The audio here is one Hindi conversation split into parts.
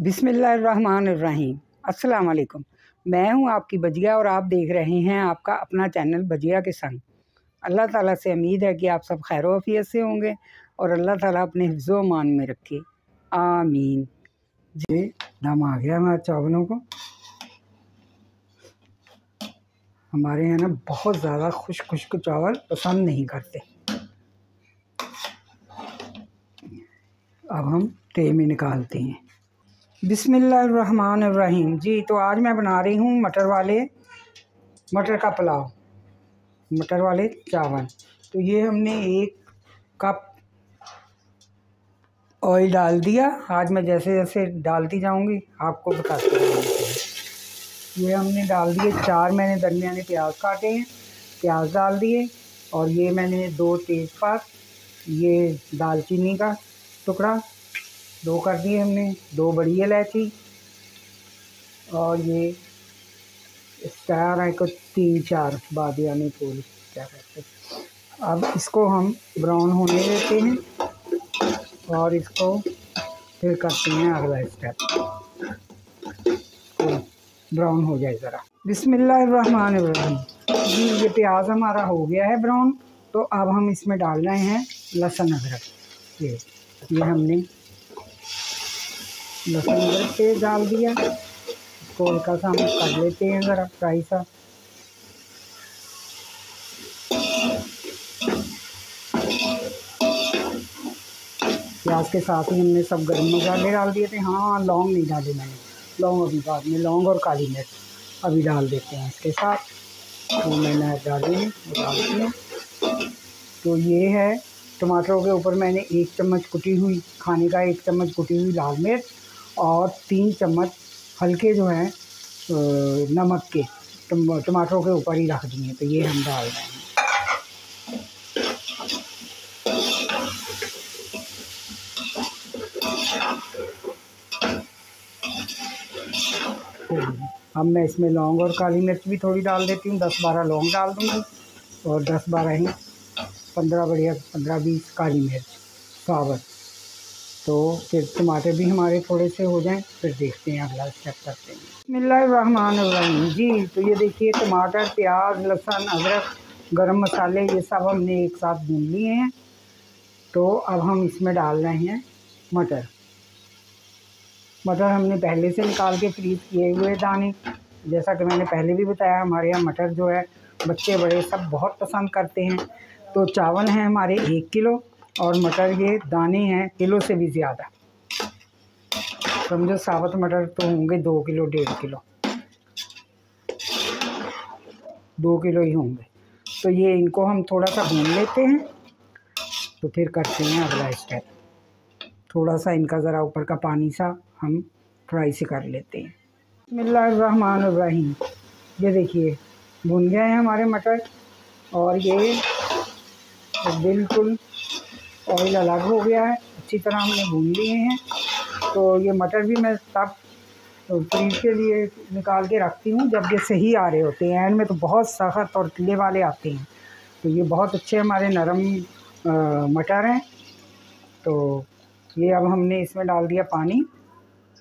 बिसमीम असलकम मैं हूं आपकी बजिया और आप देख रहे हैं आपका अपना चैनल बजिया के संग अल्लाह ताला से उम्मीद है कि आप सब खैर वफ़ीत से होंगे और अल्लाह ताला अपने हिफ्ज़ मान में रखे आमीन जी दम आ गया हमारे चावलों को हमारे यहाँ ना बहुत ज़्यादा खुश खुश्क चावल पसंद नहीं करते अब हम तेल में निकालते हैं बिसमीम जी तो आज मैं बना रही हूँ मटर वाले मटर का पुलाव मटर वाले चावल तो ये हमने एक कप ऑयल डाल दिया आज मैं जैसे जैसे डालती जाऊँगी आपको बताती ये हमने डाल दिए चार मैंने दरमियाने प्याज काटे हैं प्याज डाल दिए और ये मैंने दो तेज़पात ये दालचीनी का टुकड़ा दो कर दिए हमने दो बड़ी इलायची और ये तैयार है को तीन चार बादियानी फूल क्या कहते हैं अब इसको हम ब्राउन होने देते हैं और इसको फिर करते हैं अगला स्टेप तो ब्राउन हो जाए ज़रा बिसमीम जी ये प्याज हमारा हो गया है ब्राउन तो अब हम इसमें डाल रहे हैं लहसुन अदरक ये ये हमने लहसुन मिर्च पेस्ट डाल दिया इसको हल्का सा हम कर लेते हैं ज़रा फ्राई सा प्याज के साथ ही हमने सब गर्म मसाले डाल दिए थे हाँ लौंग नहीं डाले मैंने लौंग अभी बाद में लौंग और काली मिर्च अभी डाल देते हैं इसके साथ तो मैंने डाली डालती हूँ तो ये है टमाटरों के ऊपर मैंने एक चम्मच कुटी हुई खाने का एक चम्मच कुटी हुई लाल मिर्च और तीन चम्मच हल्के जो हैं नमक के टमाटरों के ऊपर ही रख दिए तो ये हम डाल रहे हैं अब मैं इसमें लौंग और काली मिर्च भी थोड़ी डाल देती हूँ दस बारह लौंग डाल दूँगी और दस बारह ही पंद्रह बढ़िया पंद्रह बीस काली मिर्च साबत तो फिर टमाटर भी हमारे थोड़े से हो जाएं फिर देखते हैं अगला स्टेप करते हैं बिस्मिल्लाम जी तो ये देखिए टमाटर प्याज लहसुन अदरक गरम मसाले ये सब हमने एक साथ भून लिए हैं तो अब हम इसमें डाल रहे हैं मटर मटर हमने पहले से निकाल के फ्रीज किए हुए दाने जैसा कि मैंने पहले भी बताया हमारे यहाँ मटर जो है बच्चे बड़े सब बहुत पसंद करते हैं तो चावल हैं हमारे एक किलो और मटर ये दाने हैं किलो से भी ज़्यादा समझो साबुत मटर तो होंगे दो किलो डेढ़ किलो दो किलो ही होंगे तो ये इनको हम थोड़ा सा भून लेते हैं तो फिर करते हैं अगला स्टेप थोड़ा सा इनका ज़रा ऊपर का पानी सा हम फ्राई से कर लेते हैं मिल्लाहमान रहीम ये देखिए भुन गए हैं हमारे मटर और ये बिल्कुल ऑयल अलग हो गया है अच्छी तरह हमने भून लिए हैं तो ये मटर भी मैं सब फ्रीज तो के लिए निकाल के रखती हूँ जब ये सही आ रहे होते हैं एंड में तो बहुत सख्त और तिले वाले आते हैं तो ये बहुत अच्छे हमारे नरम मटर हैं तो ये अब हमने इसमें डाल दिया पानी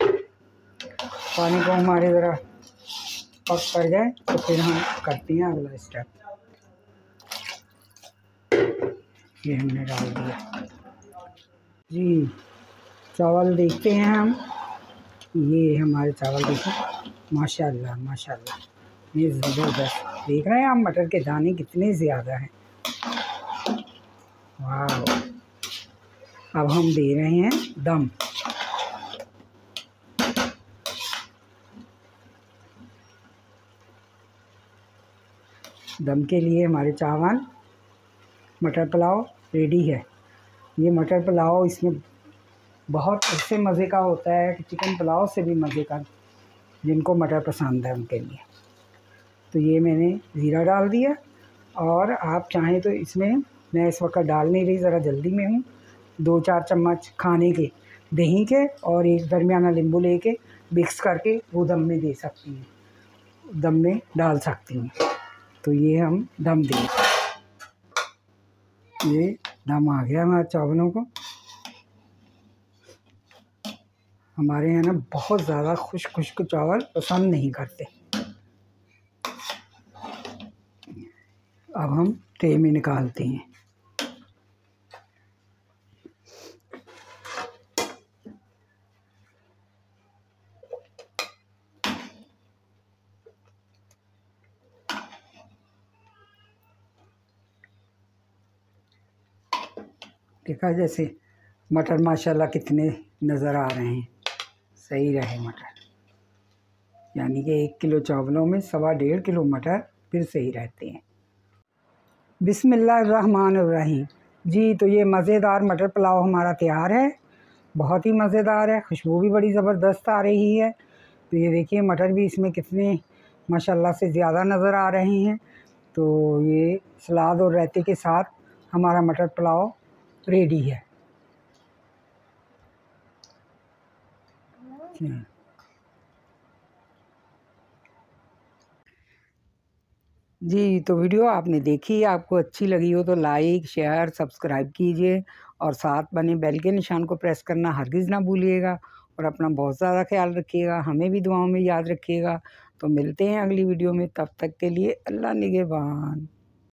पानी को हमारे ज़रा पक कर जाए तो फिर हम करते हैं अगला स्टेप ये हमने डाल दिया जी चावल देखते हैं हम ये हमारे चावल देखें माशाल्लाह माशाल्लाह ये ज़बरदस्त देख रहे हैं हम मटर के दाने कितने ज़्यादा हैं वाह अब हम दे रहे हैं दम दम के लिए हमारे चावल मटर पुलाव रेडी है ये मटर पुलाव इसमें बहुत अच्छे मज़े का होता है कि चिकन पुलाव से भी मज़े का जिनको मटर पसंद है उनके लिए तो ये मैंने ज़ीरा डाल दिया और आप चाहें तो इसमें मैं इस वक्त डाल नहीं रही ज़रा जल्दी में हूँ दो चार चम्मच खाने के दही के और एक दरमियाना नींबू लेके मिक्स करके वो दम में दे सकती हूँ दम में डाल सकती हूँ तो ये हम दम देंगे ये दम आ गया हमारे चावलों को हमारे यहाँ ना बहुत ज़्यादा खुश खुश्क चावल पसंद नहीं करते अब हम ट्रे में निकालते हैं देखा जैसे मटर माशाल्लाह कितने नज़र आ रहे हैं सही रहे मटर यानी कि एक किलो चावलों में सवा डेढ़ किलो मटर फिर सही रहते हैं बिसमीम जी तो ये मज़ेदार मटर पुलाव हमारा तैयार है बहुत ही मज़ेदार है खुशबू भी बड़ी ज़बरदस्त आ रही है तो ये देखिए मटर भी इसमें कितने माशाल्लाह से ज़्यादा नज़र आ रहे हैं तो ये सलाद और रायते के साथ हमारा मटर पुलाव रेडी है हम्म। जी तो वीडियो आपने देखी आपको अच्छी लगी हो तो लाइक शेयर सब्सक्राइब कीजिए और साथ बने बेल के निशान को प्रेस करना हरगिज़ ना भूलिएगा और अपना बहुत ज़्यादा ख्याल रखिएगा हमें भी दुआओं में याद रखिएगा तो मिलते हैं अगली वीडियो में तब तक के लिए अल्लाह निगेबान